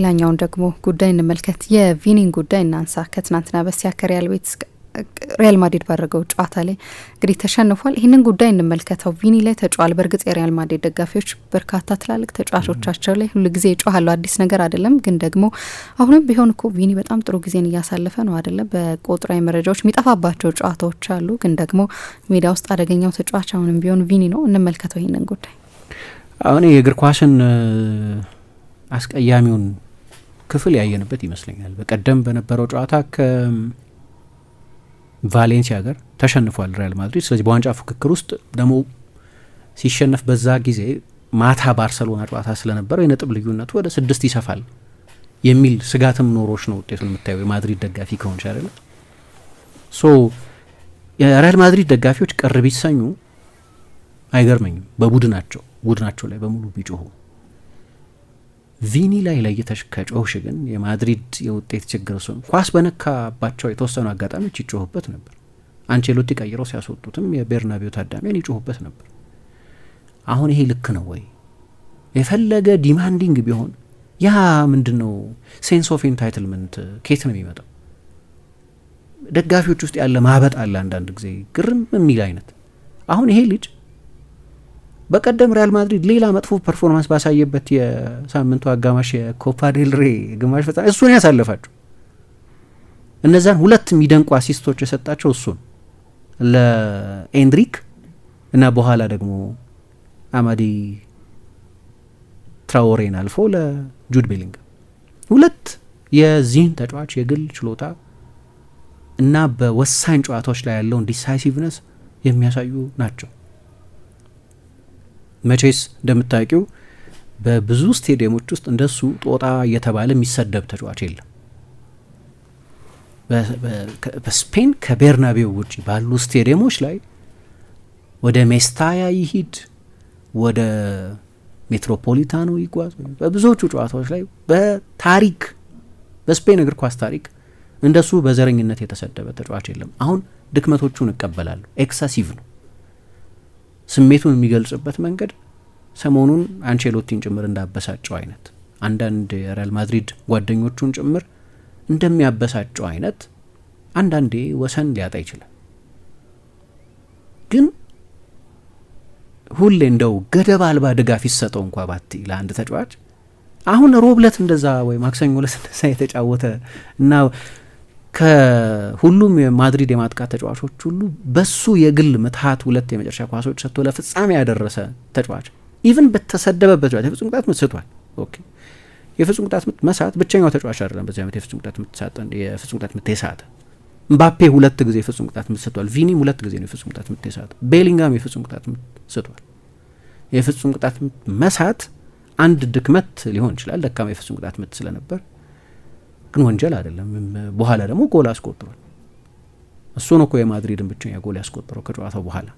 ሌላኛውን ደግሞ ጉዳይ እንመልከት። የቪኒን ጉዳይ እናንሳ። ከትናንትና በስቲያ ከሪያል ቤት ሪያል ማድሪድ ባደረገው ጨዋታ ላይ እንግዲህ ተሸንፏል። ይህንን ጉዳይ እንመልከተው። ቪኒ ላይ ተጫዋል። በእርግጥ የሪያል ማድሪድ ደጋፊዎች በርካታ ትላልቅ ተጫዋቾቻቸው ላይ ሁሉ ጊዜ ይጮኋሉ። አዲስ ነገር አይደለም። ግን ደግሞ አሁንም ቢሆን እኮ ቪኒ በጣም ጥሩ ጊዜን እያሳለፈ ነው አይደለም። በቁጥራዊ መረጃዎች የሚጠፋባቸው ጨዋታዎች አሉ። ግን ደግሞ ሜዳ ውስጥ አደገኛው ተጫዋች አሁንም ቢሆን ቪኒ ነው። እንመልከተው ይህንን ጉዳይ አሁን የእግር ኳስን አስቀያሚውን ክፍል ያየንበት ይመስለኛል። በቀደም በነበረው ጨዋታ ከቫሌንሲያ ጋር ተሸንፏል ሪያል ማድሪድ። ስለዚህ በዋንጫ ፉክክር ውስጥ ደግሞ ሲሸነፍ በዛ ጊዜ ማታ ባርሰሎና ጨዋታ ስለነበረው የነጥብ ልዩነቱ ወደ ስድስት ይሰፋል የሚል ስጋትም ኖሮች ነው ውጤቱን የምታየው የማድሪድ ደጋፊ ከሆንሽ አይደለ? ሶ የሪያል ማድሪድ ደጋፊዎች ቅር ቢሰኙ አይገርመኝም፣ በቡድናቸው ቡድናቸው ላይ በሙሉ ቢጮሁ ቪኒ ላይ ለይተሽ ከጮህሽ ግን የማድሪድ የውጤት ችግር እሱ ኳስ በነካባቸው የተወሰኑ አጋጣሚዎች ይጮሁበት ነበር። አንቸሎቲ ቀይረው ሲያስወጡትም የቤርናቤው ታዳሚያን ይጮሁበት ነበር። አሁን ይሄ ልክ ነው ወይ? የፈለገ ዲማንዲንግ ቢሆን ያ ምንድን ነው ሴንስ ኦፍ ኢንታይትልመንት ኬት ነው የሚመጣው? ደጋፊዎች ውስጥ ያለ ማበጥ አለ አንዳንድ ጊዜ ግርም የሚል አይነት። አሁን ይሄ ልጅ በቀደም ሪያል ማድሪድ ሌላ መጥፎ ፐርፎርማንስ ባሳየበት የሳምንቱ አጋማሽ የኮፓ ዴል ሬ ግማሽ ፈጻሚ እሱን ያሳለፋቸው እነዛን ሁለት የሚደንቁ አሲስቶች የሰጣቸው እሱን ለኤንድሪክ እና በኋላ ደግሞ አማዲ ትራወሬን አልፎ ለጁድ ቤሊንግ ሁለት የዚህን ተጫዋች የግል ችሎታ እና በወሳኝ ጨዋታዎች ላይ ያለውን ዲሳይሲቭነስ የሚያሳዩ ናቸው። መቼስ እንደምታውቂው በብዙ ስቴዲየሞች ውስጥ እንደሱ ጦጣ እየተባለ የሚሰደብ ተጫዋች የለም። በስፔን ከቤርናቤው ውጭ ባሉ ስቴዲየሞች ላይ ወደ ሜስታያ ይሂድ፣ ወደ ሜትሮፖሊታኖ ይጓዝ፣ በብዙዎቹ ጨዋታዎች ላይ በታሪክ በስፔን እግር ኳስ ታሪክ እንደሱ በዘረኝነት የተሰደበ ተጫዋች የለም። አሁን ድክመቶቹን እቀበላለሁ። ኤክሰሲቭ ነው ስሜቱን የሚገልጽበት መንገድ ሰሞኑን አንቼሎቲን ጭምር እንዳበሳጨው አይነት አንዳንድ የሪያል ማድሪድ ጓደኞቹን ጭምር እንደሚያበሳጨው አይነት አንዳንዴ ወሰን ሊያጣ ይችላል። ግን ሁሌ እንደው ገደብ አልባ ድጋፍ ይሰጠው እንኳ ባቲ ለአንድ ተጫዋች አሁን ሮብለት እንደዛ ወይ ማክሰኞ ለት እንደዛ የተጫወተ እና ከሁሉም የማድሪድ የማጥቃት ተጫዋቾች ሁሉ በሱ የግል ምትሀት ሁለት የመጨረሻ ኳሶች ሰጥቶ ለፍጻሜ ያደረሰ ተጫዋች ኢቨን በተሰደበበት ተጫዋች የፍጹም ቅጣት ምት ስቷል። ኦኬ የፍጹም ቅጣት ምት መሳት ብቸኛው ተጫዋች አይደለም በዚህ ዓመት የፍጹም ቅጣት ምት ሳጠን የፍጹም ቅጣት ምት የሳተ ምባፔ ሁለት ጊዜ የፍጹም ቅጣት ምት ስቷል። ቪኒም ሁለት ጊዜ ነው የፍጹም ቅጣት ምት የሳተ። ቤሊንጋም የፍጹም ቅጣት ምት ስቷል። የፍጹም ቅጣት ምት መሳት አንድ ድክመት ሊሆን ይችላል፣ ደካማ የፍጹም ቅጣት ምት ስለነበር ግን ወንጀል አይደለም። በኋላ ደግሞ ጎል አስቆጥሯል። እሱ ነው እኮ የማድሪድን ብቸኛ ጎል ያስቆጠረው ከጨዋታው በኋላ።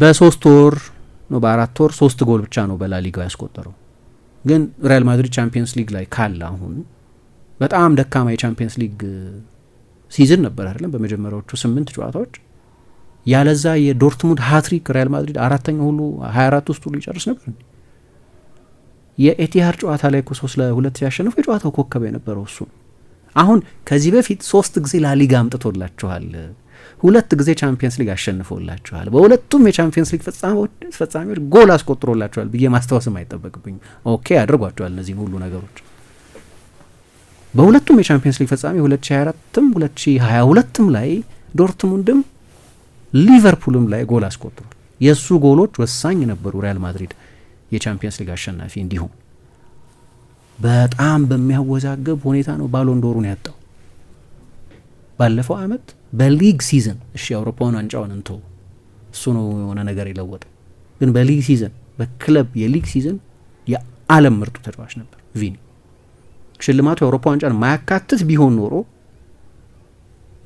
በሶስት ወር ነው በአራት ወር ሶስት ጎል ብቻ ነው በላሊጋው ያስቆጠረው። ግን ሪያል ማድሪድ ቻምፒየንስ ሊግ ላይ ካለ አሁን በጣም ደካማ የቻምፒየንስ ሊግ ሲዝን ነበር አይደለም፣ በመጀመሪያዎቹ ስምንት ጨዋታዎች ያለዛ የዶርትሙንድ ሀትሪክ ሪያል ማድሪድ አራተኛ ሁሉ ሀያ አራት ውስጥ ሁሉ ይጨርስ ነበር። የኤቲሃር ጨዋታ ላይ እኮ ሶስት ለሁለት ሲያሸንፉ የጨዋታው ኮከብ የነበረው እሱ አሁን ከዚህ በፊት ሶስት ጊዜ ላሊጋ አምጥቶላችኋል ሁለት ጊዜ ቻምፒየንስ ሊግ አሸንፎላችኋል በሁለቱም የቻምፒየንስ ሊግ ፈጻሚዎች ጎል አስቆጥሮላችኋል ብዬ ማስታወስም አይጠበቅብኝ ኦኬ አድርጓቸዋል እነዚህ ሁሉ ነገሮች በሁለቱም የቻምፒየንስ ሊግ ፈጻሚ 2024ም 2022ም ላይ ዶርትሙንድም ሊቨርፑልም ላይ ጎል አስቆጥሯል የእሱ ጎሎች ወሳኝ ነበሩ ሪያል ማድሪድ የቻምፒየንስ ሊግ አሸናፊ እንዲሁም በጣም በሚያወዛገብ ሁኔታ ነው ባሎንዶሩን ያጣው። ባለፈው አመት በሊግ ሲዝን እሺ የአውሮፓውን ዋንጫውን እንቶ እሱ ነው የሆነ ነገር የለወጠ፣ ግን በሊግ ሲዝን በክለብ የሊግ ሲዝን የዓለም ምርጡ ተጫዋች ነበር ቪኒ። ሽልማቱ የአውሮፓ ዋንጫን ማያካትት ቢሆን ኖሮ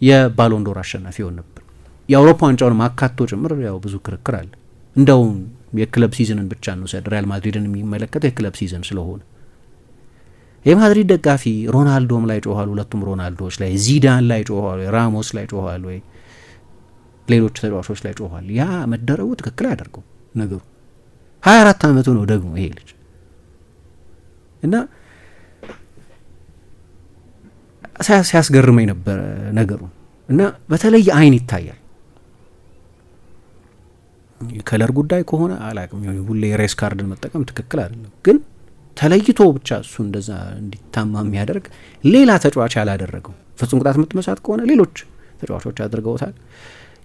የባሎንዶር አሸናፊ ይሆን ነበር። የአውሮፓ ዋንጫውን ማካቶ ጭምር ያው ብዙ ክርክር አለ እንደውም የክለብ ሲዝንን ብቻ እንውሰድ፣ ሪያል ማድሪድን የሚመለከት የክለብ ሲዝን ስለሆነ የማድሪድ ደጋፊ ሮናልዶም ላይ ጮኋል፣ ሁለቱም ሮናልዶዎች ላይ፣ ዚዳን ላይ ጮኋል ራሞስ ላይ ጮኋል ወይ ሌሎች ተጫዋቾች ላይ ጮኋል። ያ መደረጉ ትክክል አያደርገው ነገሩ ሀያ አራት አመቱ ነው ደግሞ ይሄ ልጅ እና ሲያስገርመኝ ነበረ ነገሩ እና በተለይ አይን ይታያል የከለር ጉዳይ ከሆነ አላቅም። ሁሌ ሬስ ካርድን መጠቀም ትክክል አይደለም፣ ግን ተለይቶ ብቻ እሱ እንደዛ እንዲታማ የሚያደርግ ሌላ ተጫዋች ያላደረገው ፍጹም ቅጣት ምት መሳት ከሆነ ሌሎች ተጫዋቾች አድርገውታል።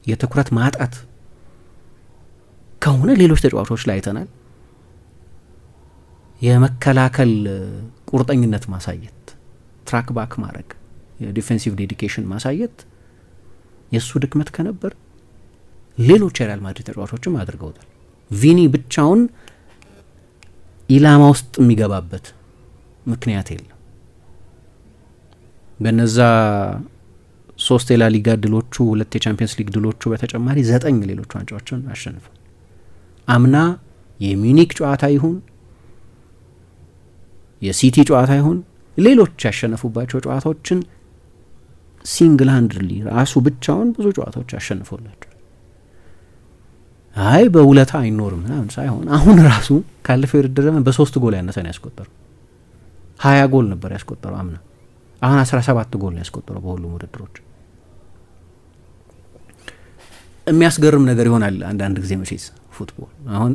የትኩረት ማጣት ከሆነ ሌሎች ተጫዋቾች ላይ አይተናል። የመከላከል ቁርጠኝነት ማሳየት፣ ትራክ ባክ ማድረግ፣ የዲፌንሲቭ ዴዲኬሽን ማሳየት የእሱ ድክመት ከነበር ሌሎች የሪያል ማድሪድ ተጫዋቾችም አድርገውታል። ቪኒ ብቻውን ኢላማ ውስጥ የሚገባበት ምክንያት የለም። በነዛ ሶስት የላሊጋ ድሎቹ፣ ሁለት የቻምፒየንስ ሊግ ድሎቹ በተጨማሪ ዘጠኝ ሌሎች ዋንጫዎችን አሸንፏል። አምና የሚኒክ ጨዋታ ይሁን የሲቲ ጨዋታ ይሁን ሌሎች ያሸነፉባቸው ጨዋታዎችን ሲንግል ሃንድሊ ራሱ ብቻውን ብዙ ጨዋታዎች አሸንፎላቸው አይ በውለታ አይኖርም ምናምን ሳይሆን አሁን ራሱ ካለፈው የውድድር ዘመን በሶስት ጎል ያነሰ ነው ያስቆጠረው። ሀያ ጎል ነበር ያስቆጠረው አምና፣ አሁን አስራ ሰባት ጎል ነው ያስቆጠረው በሁሉም ውድድሮች። የሚያስገርም ነገር ይሆናል አንዳንድ ጊዜ መቼስ ፉትቦል አሁን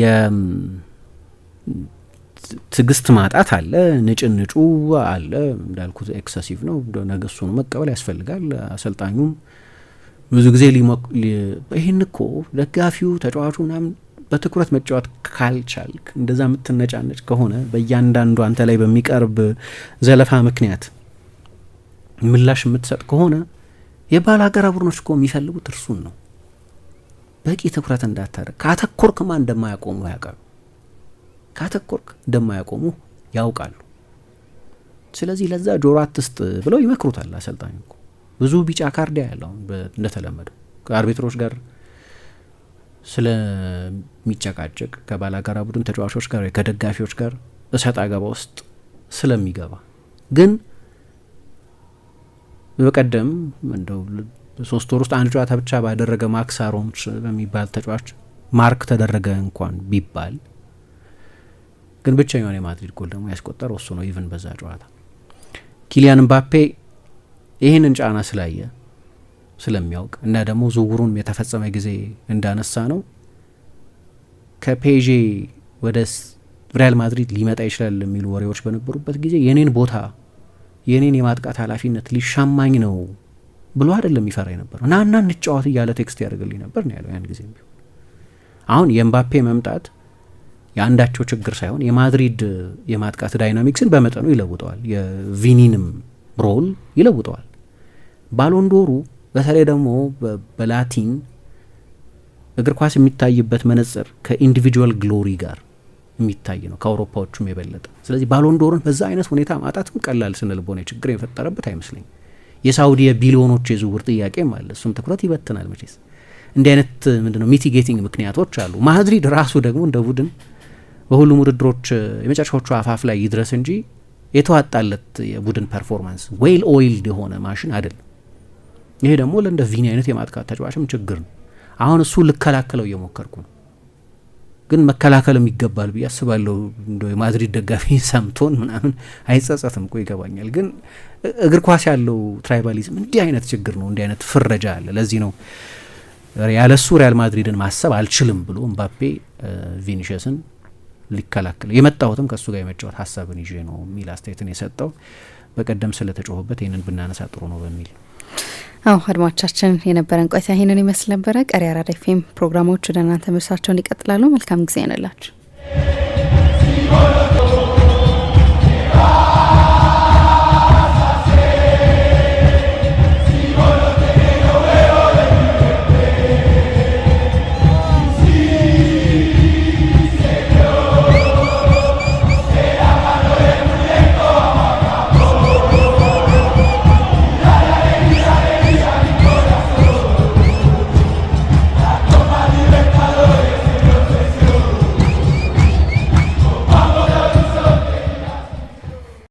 የትዕግስት ማጣት አለ፣ ንጭንጩ አለ። እንዳልኩት ኤክሰሲቭ ነው ነገሱን መቀበል ያስፈልጋል አሰልጣኙም ብዙ ጊዜ ይህን እኮ ደጋፊው ተጫዋቹ ምናምን በትኩረት መጫወት ካልቻልክ እንደዛ የምትነጫነጭ ከሆነ በእያንዳንዱ አንተ ላይ በሚቀርብ ዘለፋ ምክንያት ምላሽ የምትሰጥ ከሆነ የባል ሀገር ቡድኖች እኮ የሚፈልጉት እርሱን ነው። በቂ ትኩረት እንዳታደርግ ካተኮርክማ እንደማያቆሙ ያውቃሉ። ካተኮርክ እንደማያቆሙ ያውቃሉ። ስለዚህ ለዛ ጆሮ አትስጥ ብለው ይመክሩታል አሰልጣኝ ብዙ ቢጫ ካርድ ያለው እንደተለመደው ከአርቢትሮች ጋር ስለሚጨቃጭቅ ከባላጋራ ቡድን ተጫዋቾች ጋር ከደጋፊዎች ጋር እሰጥ አገባ ውስጥ ስለሚገባ ግን በቀደም እንደው ሶስት ወር ውስጥ አንድ ጨዋታ ብቻ ባደረገ ማክስ በሚባል ተጫዋች ማርክ ተደረገ እንኳን ቢባል ግን ብቸኛውን የማድሪድ ጎል ደግሞ ያስቆጠረው እሱ ነው። ኢቨን በዛ ጨዋታ ኪሊያን ምባፔ ይህንን ጫና ስላየ ስለሚያውቅ እና ደግሞ ዝውሩን የተፈጸመ ጊዜ እንዳነሳ ነው ከፔዤ ወደ ሪያል ማድሪድ ሊመጣ ይችላል የሚሉ ወሬዎች በነበሩበት ጊዜ የኔን ቦታ የኔን የማጥቃት ኃላፊነት ሊሻማኝ ነው ብሎ አይደለም ይፈራ የነበረው እና እና እንጫወት እያለ ቴክስት ያደርግልኝ ነበር ነው ያለው። ያን ጊዜ ቢሆን አሁን የኤምባፔ መምጣት የአንዳቸው ችግር ሳይሆን የማድሪድ የማጥቃት ዳይናሚክስን በመጠኑ ይለውጠዋል። የቪኒንም ሮል ይለውጠዋል። ባሎንዶሩ በተለይ ደግሞ በላቲን እግር ኳስ የሚታይበት መነጽር ከኢንዲቪጁዋል ግሎሪ ጋር የሚታይ ነው ከአውሮፓዎቹም የበለጠ። ስለዚህ ባሎንዶርን በዛ አይነት ሁኔታ ማጣትም ቀላል ስነ ልቦና ችግር የፈጠረበት አይመስለኝም። የሳውዲ የቢሊዮኖች የዝውውር ጥያቄ አለ። እሱም ትኩረት ይበትናል መቼስ። እንዲህ አይነት ምንድነው ሚቲጌቲንግ ምክንያቶች አሉ። ማድሪድ ራሱ ደግሞ እንደ ቡድን በሁሉም ውድድሮች የመጨረሻዎቹ አፋፍ ላይ ይድረስ እንጂ የተዋጣለት የቡድን ፐርፎርማንስ ዌል ኦይልድ የሆነ ማሽን አይደለም። ይሄ ደግሞ ለእንደ ቪኒ አይነት የማጥቃት ተጫዋችም ችግር ነው። አሁን እሱ ልከላከለው እየሞከርኩ ነው፣ ግን መከላከልም ይገባል ብዬ አስባለሁ። እንደ የማድሪድ ደጋፊ ሰምቶን ምናምን አይጸጸትም እኮ ይገባኛል። ግን እግር ኳስ ያለው ትራይባሊዝም እንዲህ አይነት ችግር ነው፣ እንዲህ አይነት ፍረጃ አለ። ለዚህ ነው ያለሱ ሪያል ማድሪድን ማሰብ አልችልም ብሎ እምባፔ ቪኒሽስን ሊከላከል የመጣሁትም ከእሱ ጋር የመጫወት ሀሳብን ይዤ ነው የሚል አስተያየትን የሰጠው በቀደም ስለተጮሁበት ይህንን ብናነሳ ጥሩ ነው በሚል አዎ አድማጮቻችን የነበረን ቆይታ ይህንን ይመስል ነበረ። ቀሪ አራዳ ኤፍኤም ፕሮግራሞች ወደ እናንተ ይቀጥላሉ። መልካም ጊዜ ይሆንላችሁ።